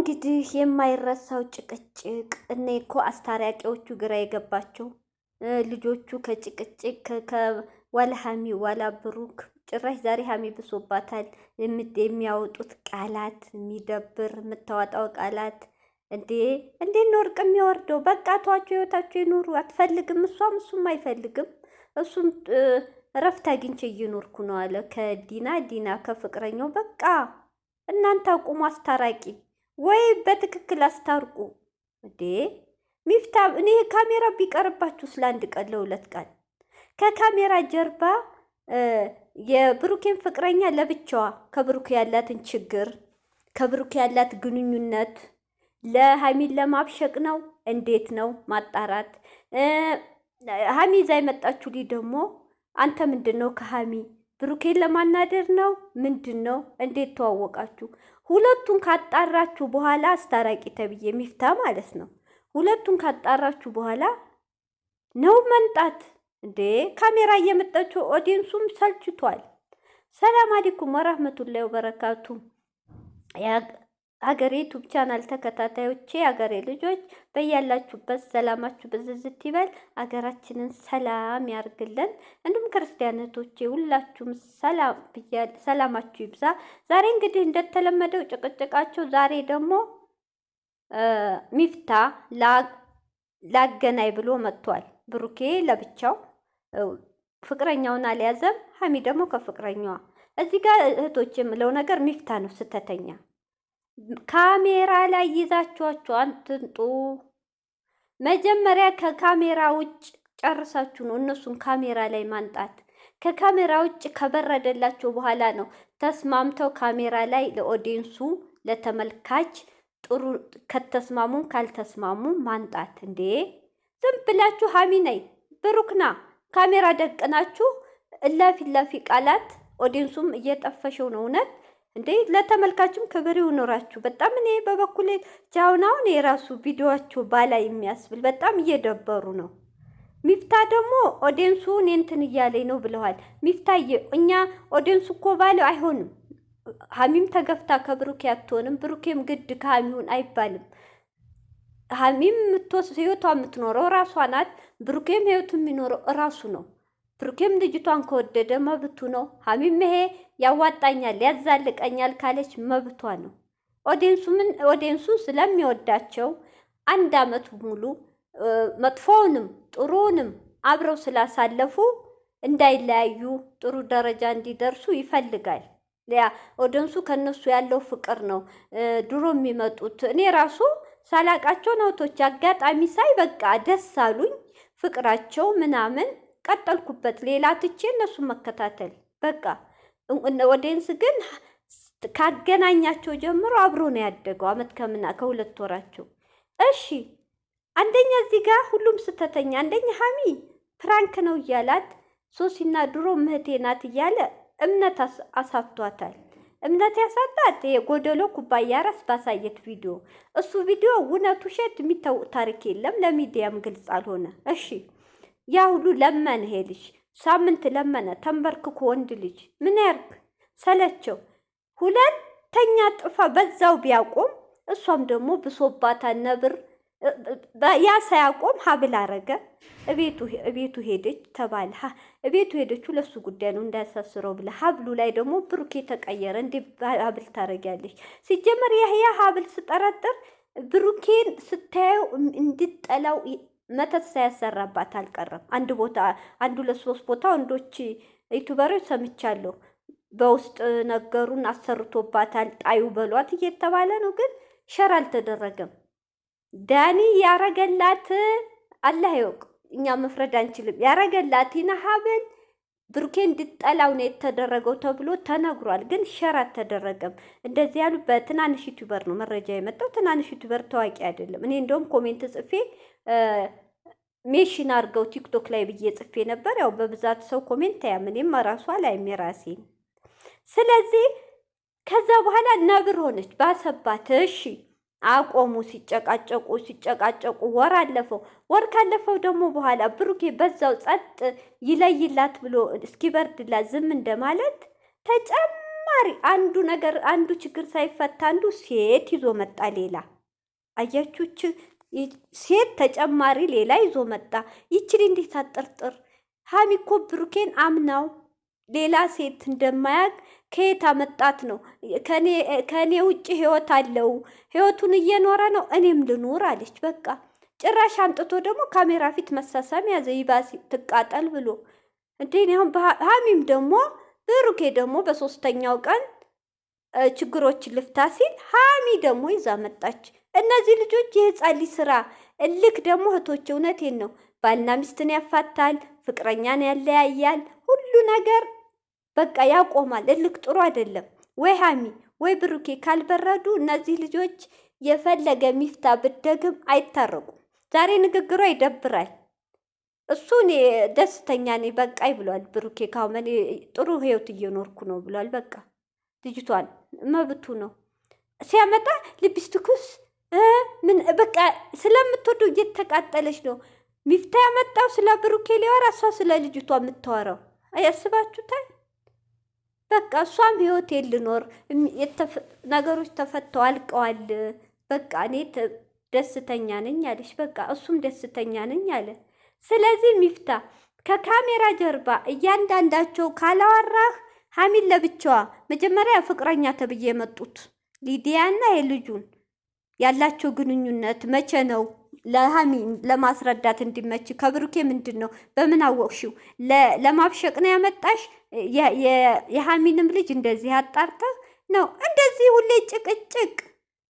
እንግዲህ የማይረሳው ጭቅጭቅ እኔ እኮ አስታራቂዎቹ ግራ የገባቸው ልጆቹ ከጭቅጭቅ ዋላ ሀሚ ዋላ ብሩክ ጭራሽ ዛሬ ሀሚ ብሶባታል። የሚያወጡት ቃላት የሚደብር የምታወጣው ቃላት እንዴ እንዴ ወርቅ የሚወርደው በቃ ተዋቸው፣ ህይወታቸው ይኑሩ። አትፈልግም እሷም እሱም አይፈልግም። እሱም እረፍት አግኝቼ እየኖርኩ ነው አለ ከዲና ዲና ከፍቅረኛው በቃ እናንተ አቁሙ አስታራቂ ወይ በትክክል አስታርቁ እንዴ ሚፍታ። እኔ ካሜራ ቢቀርባችሁ ስለ አንድ ቀን ለሁለት ቀን ከካሜራ ጀርባ የብሩኬን ፍቅረኛ ለብቻዋ ከብሩክ ያላትን ችግር ከብሩክ ያላት ግንኙነት ለሀሚን ለማብሸቅ ነው። እንዴት ነው ማጣራት። ሀሚ ዛ የመጣችሁ ሊ ደግሞ አንተ ምንድን ነው ከሀሚ ብሩኬን ለማናደር ነው ምንድን ነው? እንዴት ተዋወቃችሁ? ሁለቱን ካጣራችሁ በኋላ አስታራቂ ተብዬ ሚፍታ ማለት ነው። ሁለቱን ካጣራችሁ በኋላ ነው መንጣት እንዴ ካሜራ እየመጣችሁ ኦዲየንሱም ሰልችቷል። ሰላም አለይኩም ወራህመቱላሂ ወበረካቱ። ሀገሬ ዩቱብ ቻናል ተከታታዮቼ አገሬ ልጆች በያላችሁበት ሰላማችሁ ብዝዝት ይበል። ሀገራችንን ሰላም ያርግልን። እንዲሁም ክርስቲያነቶቼ ሁላችሁም ሰላማችሁ ይብዛ። ዛሬ እንግዲህ እንደተለመደው ጭቅጭቃቸው፣ ዛሬ ደግሞ ሚፍታ ላገናኝ ብሎ መጥቷል። ብሩኬ ለብቻው ፍቅረኛውን አልያዘም። ሀሚ ደግሞ ከፍቅረኛዋ። እዚህ ጋር እህቶች የምለው ነገር ሚፍታ ነው ስተተኛ ካሜራ ላይ ይዛችኋቸው አትንጡ። መጀመሪያ ከካሜራ ውጭ ጨርሳችሁ ነው እነሱን ካሜራ ላይ ማንጣት። ከካሜራ ውጭ ከበረደላቸው በኋላ ነው ተስማምተው ካሜራ ላይ ለኦዲንሱ ለተመልካች ጥሩ ከተስማሙ ካልተስማሙ ማንጣት። እንዴ ዝም ብላችሁ ሀሚነይ ብሩክና ካሜራ ደቅናችሁ እላፊ ላፊ ቃላት ኦዲንሱም እየጠፈሸው ነው እውነት እንዴ ለተመልካችም ክብር ይኑራችሁ። በጣም እኔ በበኩሌ ጃውን አሁን የራሱ ቪዲዮቸው ባላ የሚያስብል በጣም እየደበሩ ነው። ሚፍታ ደግሞ ኦዴንሱ እኔ እንትን እያለኝ ነው ብለዋል። ሚፍታዬ እኛ ኦዴንሱ እኮ ባለው አይሆንም። ሀሚም ተገፍታ ከብሩኬ አትሆንም። ብሩኬም ግድ ከሀሚውን አይባልም። ሀሚም ህይወቷ የምትኖረው ራሷ ናት። ብሩኬም ህይወቱ የሚኖረው ራሱ ነው። ብሩኬም ልጅቷን ከወደደ መብቱ ነው። ሀሚም ይሄ ያዋጣኛል፣ ያዛልቀኛል ካለች መብቷ ነው። ኦዴንሱ ስለሚወዳቸው አንድ አመት ሙሉ መጥፎውንም ጥሩውንም አብረው ስላሳለፉ እንዳይለያዩ ጥሩ ደረጃ እንዲደርሱ ይፈልጋል። ያ ኦዲንሱ ከነሱ ያለው ፍቅር ነው። ድሮ የሚመጡት እኔ ራሱ ሳላቃቸው ናውቶች አጋጣሚ ሳይ በቃ ደስ አሉኝ ፍቅራቸው ምናምን ቀጠልኩበት። ሌላ ትቼ እነሱን መከታተል በቃ። ወደንስ ግን ካገናኛቸው ጀምሮ አብሮ ነው ያደገው። አመት ከምና ከሁለት ወራቸው እሺ። አንደኛ እዚህ ጋር ሁሉም ስተተኛ። አንደኛ ሀሚ ፕራንክ ነው እያላት ሶሲና ድሮ ምህቴ ናት እያለ እምነት አሳብቷታል። እምነት ያሳጣት የጎደሎ ኩባያ ራስ ባሳየት ቪዲዮ እሱ ቪዲዮ እውነቱ ውሸት የሚታወቅ ታሪክ የለም። ለሚዲያም ግልጽ አልሆነ። እሺ ያ ሁሉ ለመነ። ይሄ ልጅ ሳምንት ለመነ ተንበርክኮ። ወንድ ልጅ ምን ያርግ? ሰለቸው። ሁለተኛ ጥፋ በዛው ቢያቆም እሷም ደግሞ ብሶባታ ነብር ያ ሳያቆም ሀብል አረገ። እቤቱ ሄደች ተባለ። እቤቱ ሄደች ለሱ ጉዳይ ነው እንዳያሳስረው ብለ ሀብሉ ላይ ደግሞ ብሩኬ ተቀየረ። እንዴ ሀብል ታረጊያለች? ሲጀመር ያህያ ሀብል ስጠረጥር ብሩኬን ስታየው እንድጠላው መተት ሳያሰራባት አልቀረም። አንድ ቦታ አንድ ሁለት ሶስት ቦታ ወንዶች ዩቱበሮች ሰምቻለሁ። በውስጥ ነገሩን አሰርቶባታል፣ ጣዩ በሏት እየተባለ ነው። ግን ሸር አልተደረገም። ዳኒ ያረገላት አላህ ይወቅ። እኛ መፍረድ አንችልም። ያረገላት ይነሀብል ብሩኬ እንድጠላው ነው የተደረገው ተብሎ ተነግሯል። ግን ሸር አልተደረገም። እንደዚህ ያሉ በትናንሽ ዩቱበር ነው መረጃ የመጣው። ትናንሽ ዩቱበር ታዋቂ አይደለም። እኔ እንደውም ኮሜንት ጽፌ ሜሽን አድርገው ቲክቶክ ላይ ብዬ ጽፌ ነበር። ያው በብዛት ሰው ኮሜንት ያምንም ራሷ ላይ የራሴ ስለዚህ ከዛ በኋላ ነግር ሆነች ባሰባት። እሺ አቆሙ። ሲጨቃጨቁ ሲጨቃጨቁ ወር አለፈው። ወር ካለፈው ደግሞ በኋላ ብሩኬ በዛው ጸጥ ይለይላት ብሎ እስኪበርድላት ዝም እንደማለት ተጨማሪ አንዱ ነገር አንዱ ችግር ሳይፈታ አንዱ ሴት ይዞ መጣ። ሌላ አያችሁች ሴት ተጨማሪ ሌላ ይዞ መጣ። ይችል እንዴት አጠርጥር ሀሚ እኮ ብሩኬን አምናው ሌላ ሴት እንደማያቅ ከየት አመጣት ነው? ከእኔ ውጭ ህይወት አለው፣ ህይወቱን እየኖረ ነው፣ እኔም ልኑር አለች። በቃ ጭራሽ አምጥቶ ደግሞ ካሜራ ፊት መሳሳም ያዘ። ይባስ ትቃጠል ብሎ እንዴ! አሁን ሀሚም ደግሞ ብሩኬ ደግሞ በሶስተኛው ቀን ችግሮችን ልፍታ ሲል ሀሚ ደግሞ ይዛ መጣች። እነዚህ ልጆች የህፃን ልጅ ስራ እልክ ደግሞ እህቶች፣ እውነቴን ነው ባልና ሚስትን ያፋታል፣ ፍቅረኛን ያለያያል፣ ሁሉ ነገር በቃ ያቆማል። እልክ ጥሩ አይደለም። ወይ ሀሚ ወይ ብሩኬ ካልበረዱ እነዚህ ልጆች የፈለገ ሚፍታ ብደግም አይታረቁም። ዛሬ ንግግሯ ይደብራል። እሱን ደስተኛ ነኝ በቃይ ብሏል ብሩኬ። ካሁን እኔ ጥሩ ህይወት እየኖርኩ ነው ብሏል። በቃ ልጅቷን መብቱ ነው ሲያመጣ ልብስ ትኩስ ምን በቃ ስለምትወደው እየተቃጠለች ነው። ሚፍታ ያመጣው ስለ ብሩኬ ሊያወራ፣ እሷ ስለ ልጅቷ የምታወራው አያስባችሁታል? በቃ እሷም ህይወት ልኖር ነገሮች ተፈተው አልቀዋል። በቃ እኔ ደስተኛ ነኝ አለች። በቃ እሱም ደስተኛ ነኝ አለ። ስለዚህ ሚፍታ ከካሜራ ጀርባ እያንዳንዳቸው ካላወራህ ሀሚል ለብቻዋ መጀመሪያ ፍቅረኛ ተብዬ የመጡት ሊዲያና የልጁን ያላቸው ግንኙነት መቼ ነው? ለሀሚን ለማስረዳት እንዲመች ከብሩኬ ምንድን ነው በምን አወቅሽው? ለማብሸቅ ነው ያመጣሽ? የሀሚንም ልጅ እንደዚህ አጣርተህ ነው እንደዚህ ሁሌ ጭቅጭቅ